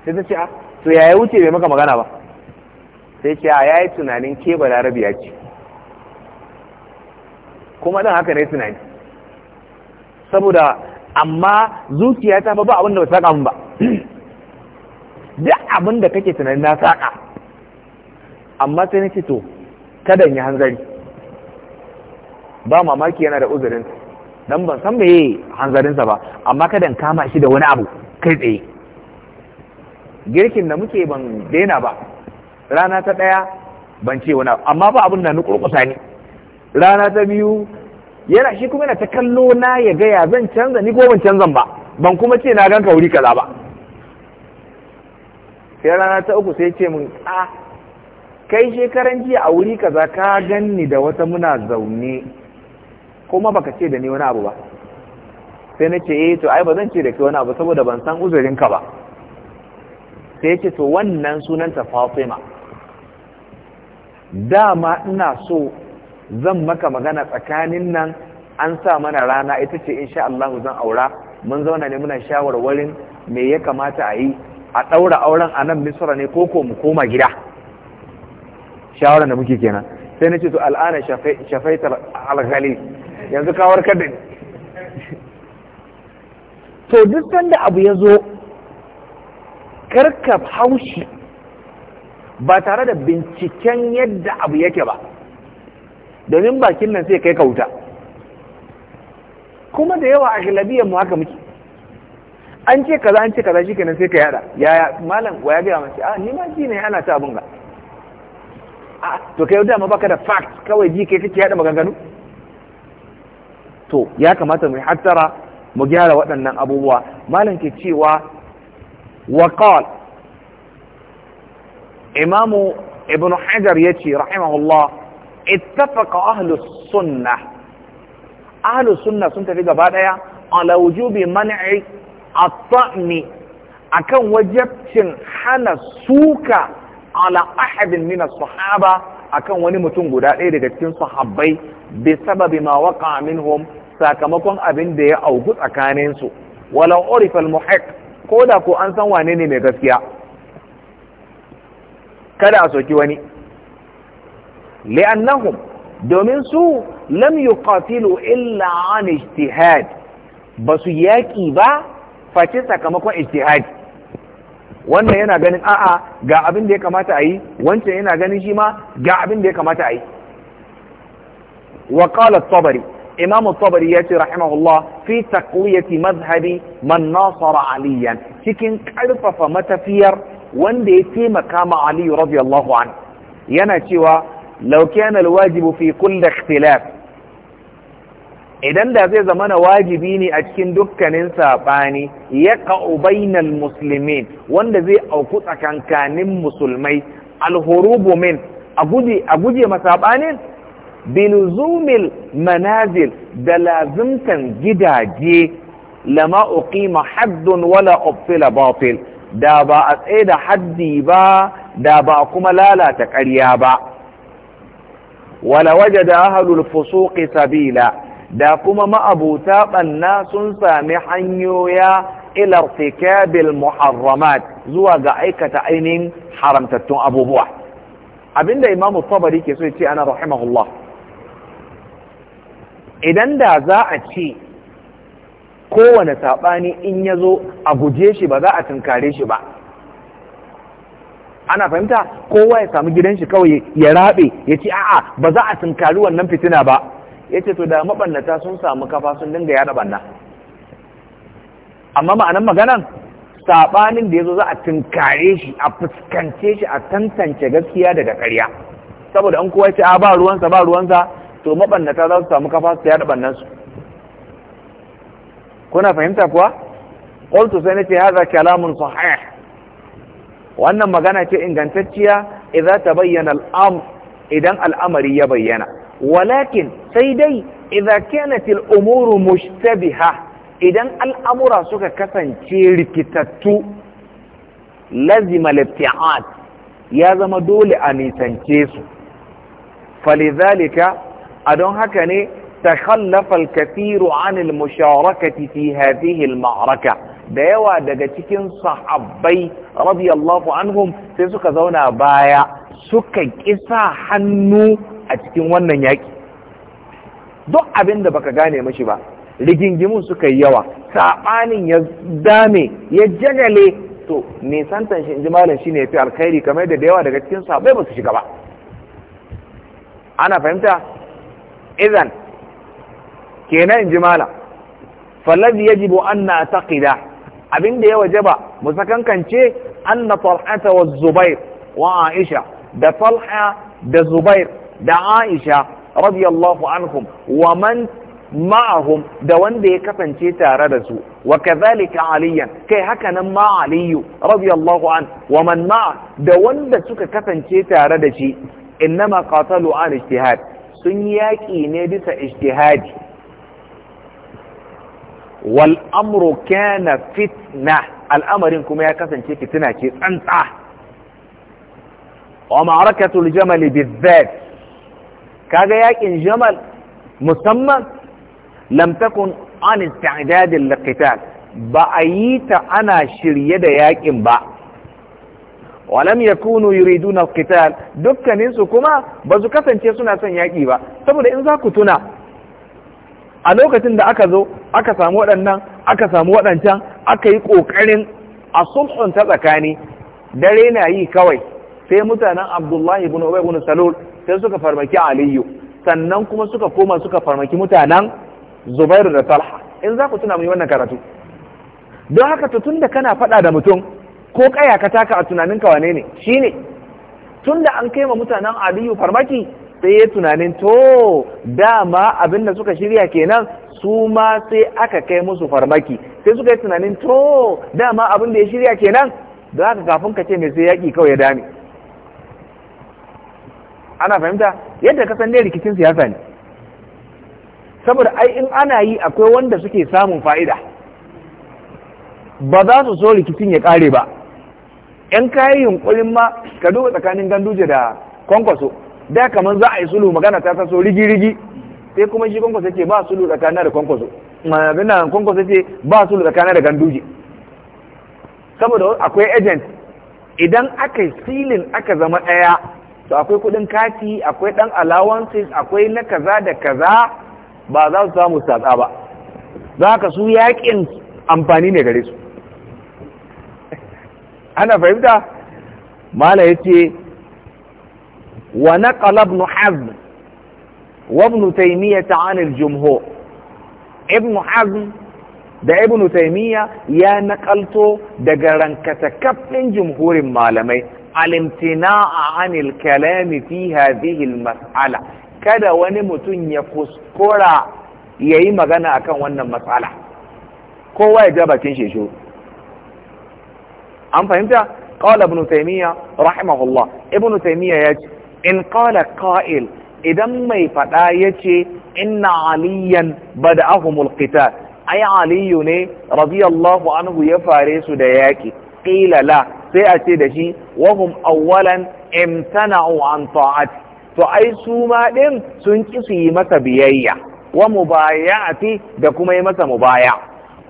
sai ta ce a ah, to yaya wuce bai maka magana ba sai ce ah, a yayi tunanin ke ya ce kuma dan haka ne tunani saboda amma zuciya ta ba abin da ba saka mun ba duk abin da kake tunani na saka amma sai na ce to kada yi hanzari ba mamaki yana da uzurin don ban san meye hanzarinsa ba amma kada kama shi da wani abu kai tsaye girkin da muke ban daina ba rana ta ɗaya ban ce wani abu amma ba abin da kurkusa ne rana ta biyu yana shi kuma yana ta kallo na ya gaya zan canza ni ko ban canzan ba ban kuma ce na ganka wuri kaza ba sai rana ta uku sai ce min a ah, kai shekaran jiya a wuri kaza ka ganni da wata muna zaune kuma baka ce da ni wani abu ba sai na ce eh to ai ba zan ce da kai wani abu saboda ban san uzurinka ba sai to wannan sunan ta Fatima dama ina so zan maka magana tsakanin nan an sa mana rana ita ce insha Allah zan aura mun zauna ne muna shawarwarin me ya kamata a yi a daura auren a nan misra ne ko ko mu koma gida Shawarar da muke kenan sai na ce to al'ana shafaitar alghali yanzu kawar kadin to duk sanda abu ya zo karkab haushi ba tare da binciken yadda abu yake ba domin bakin nan sai kai kauta kuma da yawa a galabiyar mu haka muke an ce kaza an ce kaza kenan sai ka yada yaya malam wa ya gaya mace a ah, ni ma ji ne ana ta abun ga to kai dama baka da fact kawai ji kai kake yada maganganu to ya kamata mu hattara mu gyara waɗannan abubuwa malam ke cewa wa imamu ibn hajar yace rahimahullah ittafaqa ahlus sunnah ahlus sunnah sun tafi gaba daya ala wujubi man'i at-ta'mi akan wajibcin hana suka ala ahadin min as-sahaba akan wani mutum guda ɗaya daga cikin sahabbai bi sababi ma waqa minhum sakamakon abin da ya auku tsakanin su walau urifa al ko da ko an san wane ne mai gaskiya kada a soki wani li'annahum domin su lam yuqatilu illa an ijtihad basu yaki ba face sakamakon ijtihadi wannan yana ganin a'a ga abin da ya kamata a yi wancan yana ganin shi ma ga abin da ya kamata a yi wa qala at-tabari ya ce rahimahullah fi taqwiyati mazhabi man nasara aliyan cikin karfafa matafiyar wanda ya taimaka ma aliyu radiyallahu an yana cewa lauke na wajibu fi kulli ikhtilaf idan da zai zama na wajibi ne a cikin dukkanin saɓani ya bainal musulmin wanda zai auku tsakankanin musulmai alhurubu min a guje masaɓanin bilzumil manazil da lazimtan gidaje lama uqima haddun wala ubtila batil da ba a tsaye da haddi ba da ba kuma lalata ƙarya ba wala wajada ahlul fusuqi sabila da kuma ma'abuta ɓanna sun sami hanyoya ilartikabil muharramat zuwa ga aikata ainihin haramtattun abubuwa abinda imamu tabari ke so ya ce ana rahimahullah idan da za a ce kowane saɓani in ya zo a guje shi ba za a tunkare shi ba ana fahimta kowa ya samu gidan shi kawai ya rabe ya ce a'a ba za a tunkari wannan fitina ba ya ce to da mabannata sun samu kafa sun dinga yada banna amma ma'anan maganan saɓanin da ya zo za a tunkare shi a fuskance shi a tantance gaskiya daga ƙarya saboda an kowa ce a ba ruwansa ba ruwansa to maɓannata za su samu kafa su yada bannansu kuna fahimta kuwa ƙoltu sai za alamun su haya. wannan magana ce ingantacciya idan al'amari ya bayyana walakin sai dai idza kanat al-umuru mushtabiha idan al'amura suka kasance rikitattu lazima al ya zama dole a nisance su falidhalika a don haka ne تخلف الكثير عن المشاركة في هذه maraka, da yawa daga cikin sahabbai radiyallahu anhum sai suka zauna baya suka kisa hannu a cikin wannan yaƙi duk abin da baka gane mashi ba rigingimun suka yi yawa saɓanin ya dame ya jagale to nisantan shi inji malam shine ya fi alkhairi kamar da da yawa daga cikin saɓai ba su shiga ba ana fahimta izan kenan inji malam fallazi yajibu an na ƙida, abin da ya wajaba mu sakankance an na wa zubair wa aisha da Talha da Zubair da Aisha radiyallahu anhum wa man ma'ahum da wanda ya kasance tare da su wa kazalika aliyan kai haka nan ma aliyu radiyallahu an wa man ma'a da wanda suka kasance tare da shi innama qatalu an ijtihad sun yaki ne bisa ijtihadi wal amru kana fitna al'amarin kuma ya kasance fitina ce tsantsa wa ma'arakatul jamal bizzat kaga yakin jamal musamman lam takun an isti'dad liqital ba a yi ta ana shirye da yakin ba walam yakunu yuriduna alqital dukkanin su kuma basu kasance suna son yaki ba saboda in za ku tuna a lokacin da aka zo aka samu waɗannan aka samu waɗancan aka yi ƙoƙarin a sulhun ta tsakani dare na yi kawai sai mutanen abdullahi ibn ubay ibn salul sai suka farmaki aliyu sannan kuma suka koma suka farmaki mutanen zubairu da talha in za ku tuna mu wannan karatu don haka to tunda kana faɗa da mutum ko kaya ka taka a tunanin ka wane ne shine tunda an kai wa mutanen aliyu farmaki sai ya tunanin to dama abin da suka shirya kenan su ma sai aka kai musu farmaki sai suka yi tunanin to dama abin da ya shirya kenan da haka kafin ka ce mai sai yaƙi kawai ya dame ana fahimta yadda ka san ne rikicin siyasa ne saboda ai in ana yi akwai wanda suke samun fa'ida ba za su so rikicin ya kare ba yan kayi yunkurin ma ka duba tsakanin ganduje da kwankwaso da kamar za a yi sulu magana ta taso rigi-rigi sai kuma shi kwankwaso ce ba sulu tsakanin da kwankwaso magana kwankwaso ce ba sulu tsakanin da ganduje saboda akwai agent idan aka yi silin aka zama ɗaya to akwai kudin kati akwai dan allowances akwai na kaza da kaza ba za su samu tsatsa ba za ka su yakin amfani ne gare su ana fahimta mala ya ce wa naqala ibn hazm wa ibn taymiyyah an al-jumhur ibn hazm da ibn taymiya ya naqalto daga rankata kafin jumhurin malamai الامتناع عن الكلام في هذه المسألة كذا ونمتن يفسكرا يأيما غنى اكون وانا المسألة كوا إجابة شو أم فهمت قال ابن تيمية رحمه الله ابن تيمية يجي إن قال قائل إذا ما يفتا يجي إن عليا بدأهم القتال أي علي رضي الله عنه يفارس دياكي قيل لا sai a ce da shi wahum awwalan imtana'u an ta'ati to ai su ma din sun ki su yi masa biyayya wa mubaya'ati da kuma yi masa mubaya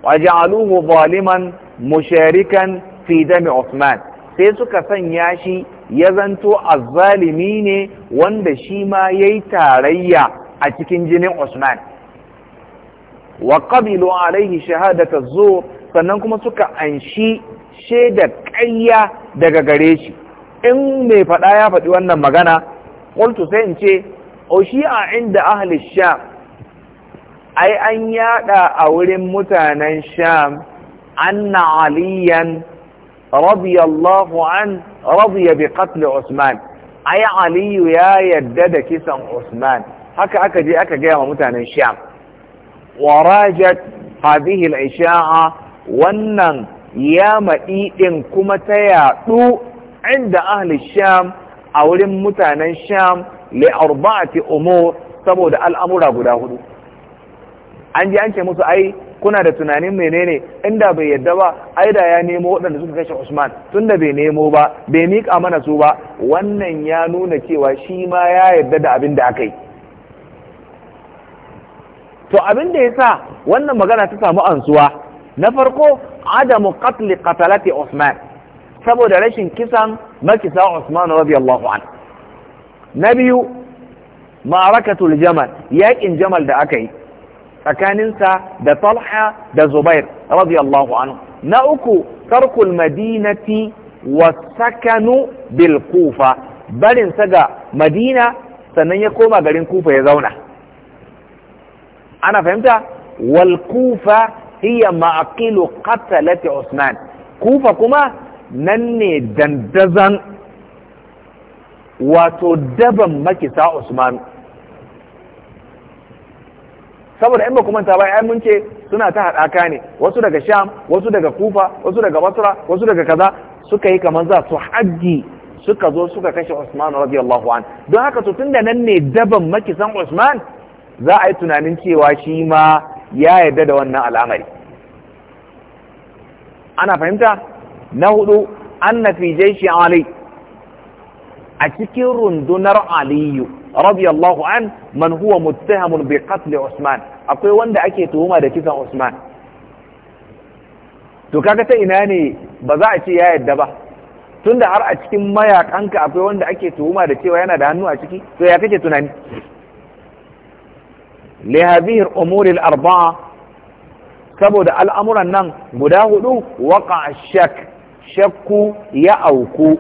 waja'aluhu zaliman musharikan fi dami Usman sai suka sanya shi ya zanto azzalimi ne wanda shi ma yayi tarayya a cikin jinin Usman wa qabilu alaihi shahadata zur sannan kuma suka anshi da ƙayya daga gare shi in mai faɗa ya faɗi wannan magana qultu sai in ce o shi a inda ahli sham ai an yada a wurin mutanen sham anna aliyan radiyallahu an radiya bi qatl usman ai aliyu ya yadda da kisan usman haka aka je aka gaya wa mutanen sham warajat hadhihi al-isha'a wannan ya maɗi ɗin kuma ta yaɗu inda ahli sham a wurin mutanen sham a arba'ati omo, saboda al'amura guda hudu an ji an ce musu ai kuna da tunanin menene inda bai yadda ba ai da ya nemo waɗanda suka kashe Usman da bai nemo ba bai miƙa mana su ba wannan ya nuna cewa shi ma ya yadda da abin da aka yi to abin da ya sa wannan magana ta samu ansuwa na farko adamu katli Katalati, Usman saboda rashin kisan makisa Usman radiyallahu anhu na biyu ma'arakatul jamal yakin jamal da aka yi tsakaninsa da Talha da Zubair radiyallahu na uku tarkul madinati wa sakanu bil kufa barin ga madina sannan ya koma garin kufa ya zauna ana fahimta wal kufa hiya ma'aqilu qatalati Usman kufa kuma nan ne dandazan wato daban makisa Usman saboda in ba kuma ta bai mun ce suna ta haɗaka ne wasu daga Sham wasu daga Kufa wasu daga Basra wasu daga kaza suka yi kamar za su haji suka zo suka kashe Usman radiyallahu an don haka tun tunda nan ne daban makisan Usman za a yi tunanin cewa shi ma ya yarda da wannan al'amari ana fahimta na hudu an na fi jaishi ali a cikin rundunar aliyu radiyallahu an man huwa muttahamun bi qatl usman akwai wanda ake tuhuma da kisan usman to kaga ta ina ne ba za a ce ya yarda ba tunda har a cikin mayakanka akwai wanda ake tuhuma da cewa yana da hannu a ciki to ya kake tunani لهذه الأمور الأربعة saboda al'amuran nan guda huɗu waƙa shak ya auku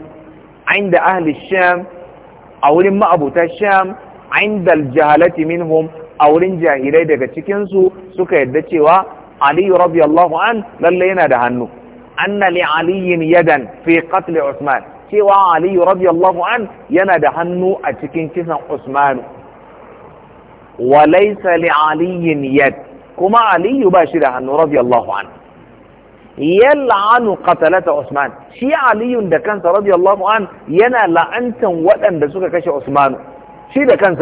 inda ahli sham a wurin ma'abuta sham inda jahalati minhum a wurin jahilai daga cikinsu suka yadda cewa aliyu radiyallahu an lallai yana da hannu anna li aliyin yadan fi qatl usman cewa aliyu radiyallahu an yana da hannu a cikin kisan usmanu وليس لعلي يد كما علي عنه رضي الله عنه يلعن قتلة عثمان شي علي كانت رضي الله عنه ينا لعنتا ودن دسوك كشي عثمان شي دكانس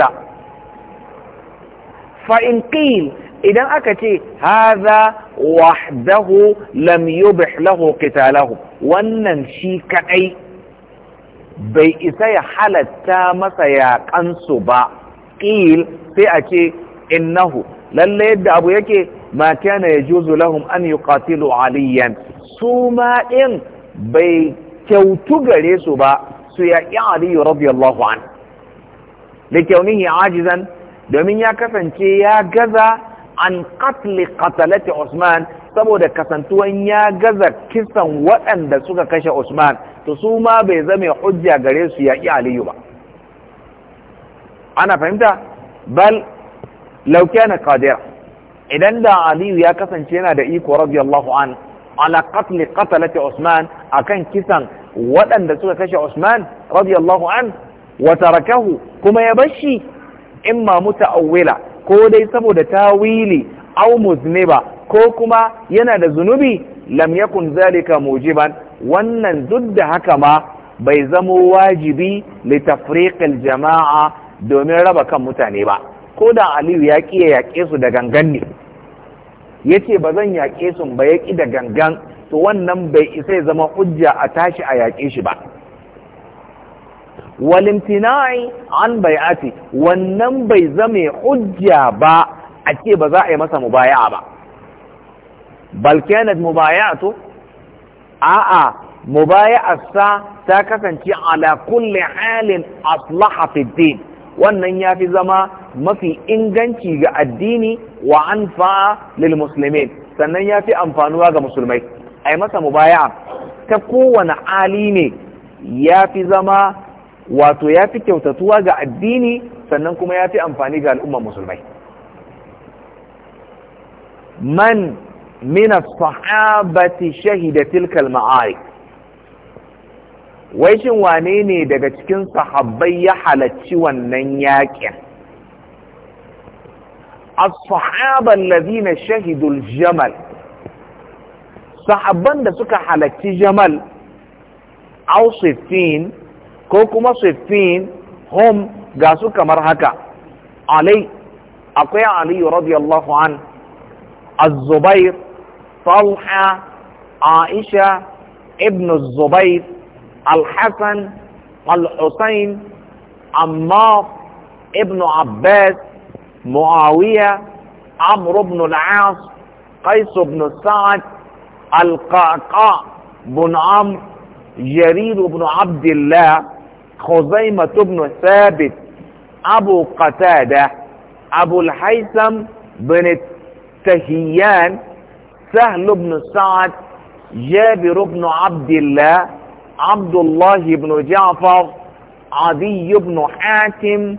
فإن قيل إذا أكتي هذا وحده لم يبح له قتاله ونن شي كأي بيئسي حالة تامس يا كنسبا qil sai a ce innahu lalle yadda abu yake ma kana yajuzu lahum an yuqatilu aliyan su ma din bai kyautu gare su ba su yaƙi aliyu radiyallahu an da kyaunihi ajizan domin ya kasance ya gaza an katli katalati usman saboda kasantuwan ya gaza kisan waɗanda suka kashe usman to su ma bai zame hujja gare su yaƙi aliyu ba ana fahimta bal law kana qadira idan da aliyu ya kasance yana da iko radiyallahu an ala qatl qatalati usman akan kisan waɗanda suka kashe usman radiyallahu an wa tarakahu kuma ya bashi imma muta'awwila ko dai saboda tawili aw muzniba ko kuma yana da zunubi lam yakun zalika mujiban wannan duk da haka ma bai zamo wajibi li tafriqil jama'a domin raba kan mutane ba ko da aliyu ya ƙi ya yaƙe su da gangan ne ya ce ba zan yaƙe su ba ya ƙi da gangan to wannan bai isa ya zama hujja a tashi a yaƙe shi ba walimtina'i an bai'ati wannan bai zame hujja ba a ce ba za a yi masa mubaya'a ba balkanat mubaya'atu a'a mubaya'arsa ta kasance ala kulli halin aslaha fi wannan ya fi zama mafi inganci ga addini wa an fa'a lil musulmin sannan ya fi amfanuwa ga musulmai a yi masa mubaya ta kowane hali ne ya fi zama wato ya fi kyautatuwa ga addini sannan kuma ya fi amfani ga al'umman musulmai man mina sahabati shahida tilka al-ma'arik wai shin wane ne daga cikin sahabbai ya halacci wannan yaƙin as-sahaban ladina shahidul jamal sahabban da suka halacci jamal aw sifin ko kuma sifin hum ga su kamar haka alai akwai ali radiyallahu an az-zubair talha aisha ibn az-zubair الحسن الحسين عمار ابن عباس معاوية عمرو بن العاص قيس بن سعد القعقاع بن عمرو جرير بن عبد الله خزيمة بن ثابت أبو قتادة أبو الحيثم بن التهيان سهل بن سعد جابر بن عبد الله عبد الله بن جعفر عدي بن حاتم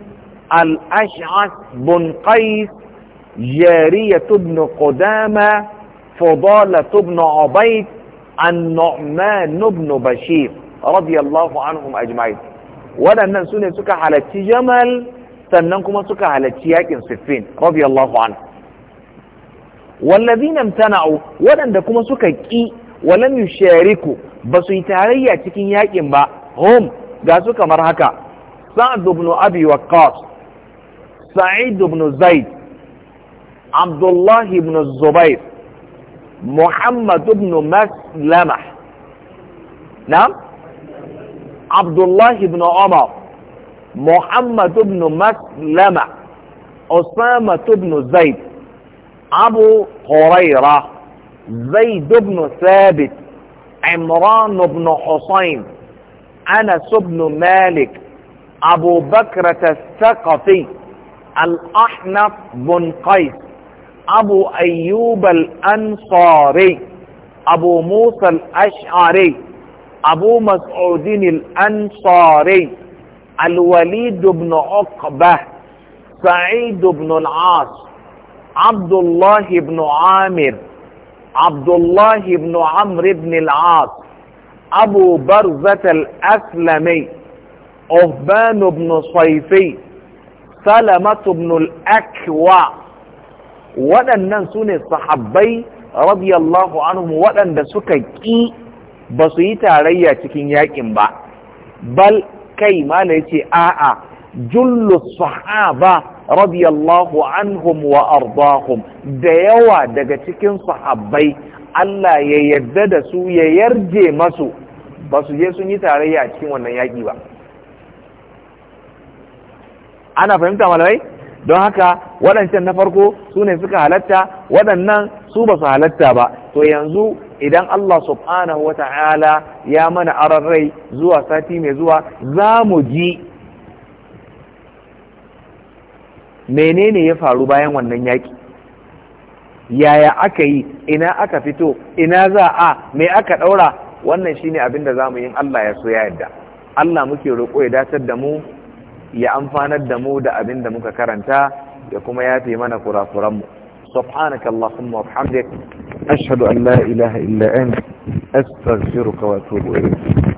الأشعث بن قيس جارية بن قدامة فضالة بن عبيد النعمان بن بشير رضي الله عنهم أجمعين ولا ننسون سكة على التجمل سننكم سكة على التياك سفين رضي الله عنه والذين امتنعوا ولن ندكم سكة كي ولم يشاركوا بس يتعليا تكين ياكين با هم قاسوا كمر هكا سعد بن أبي وقاص سعيد بن زيد عبد الله بن الزبير محمد بن مسلمة نعم عبد الله بن عمر محمد بن مسلمة أسامة بن زيد أبو هريرة زيد بن ثابت عمران بن حسين أنس بن مالك أبو بكرة الثقفي الأحنف بن قيس أبو أيوب الأنصاري أبو موسى الأشعري أبو مسعود الأنصاري الوليد بن عقبة سعيد بن العاص عبد الله بن عامر عبد الله بن عمرو بن العاص ابو برزة الاسلمي اهبان بن صيفي سلمة بن الاكوى ودنن سن الصحابي رضي الله عنهم ودن ده بسيطة تاريخ cikin yakin ba bal kai ma ne yace a'a jullu radiyallahu anhum wa ardahum da yawa daga cikin sahabbai Allah ya yarda da su ya yarje masu ba su je sun yi tarayya a cikin wannan yaƙi ba ana fahimta malamai don haka waɗancan na farko su ne suka halatta waɗannan su ba su halatta ba to yanzu idan Allah subhanahu wa ta'ala ya mana ararrai zuwa sati mai zuwa za mu ji menene ya faru bayan wannan yaki? yaya aka yi ina aka fito ina za a me aka ɗaura wannan shine abin da za mu yi Allah ya so ya yadda Allah muke roƙo ya datar da mu ya amfanar da mu da abin da muka karanta ya kuma ya fi mana kurakuran subhanaka allahumma wa bihamdik ashhadu an la ilaha illa anta astaghfiruka wa atubu